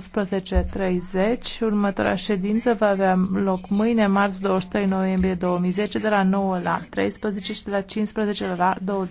11.30. Următoarea ședință va avea loc mâine, marți 23 noiembrie 2010, de la 9 la 13 și de la 15 la 20.